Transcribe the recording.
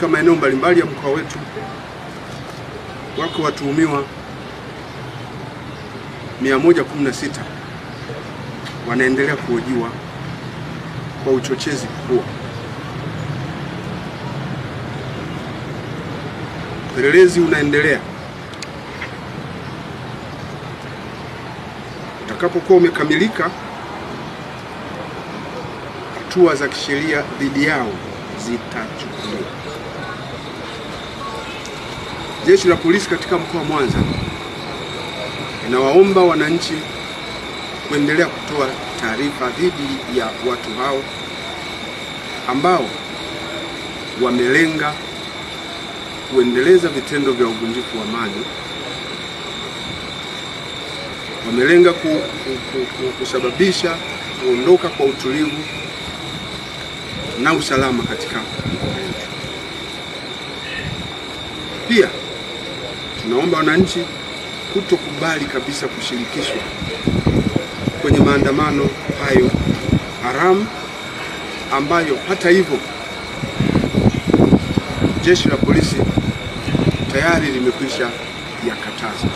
katika maeneo mbalimbali ya mkoa wetu wako watuhumiwa 116 wanaendelea kuhojiwa kwa uchochezi mkubwa. Upelelezi unaendelea. Utakapokuwa umekamilika, hatua za kisheria dhidi yao zitachukuliwa. Jeshi la polisi katika mkoa wa Mwanza linawaomba wananchi kuendelea kutoa taarifa dhidi ya watu hao ambao wamelenga kuendeleza vitendo vya uvunjifu wa amani, wamelenga ku, ku, ku, ku, kusababisha kuondoka kwa utulivu na usalama katika Pia tunaomba wananchi kutokubali kabisa kushirikishwa kwenye maandamano hayo haramu ambayo hata hivyo jeshi la polisi tayari limekwisha yakataza.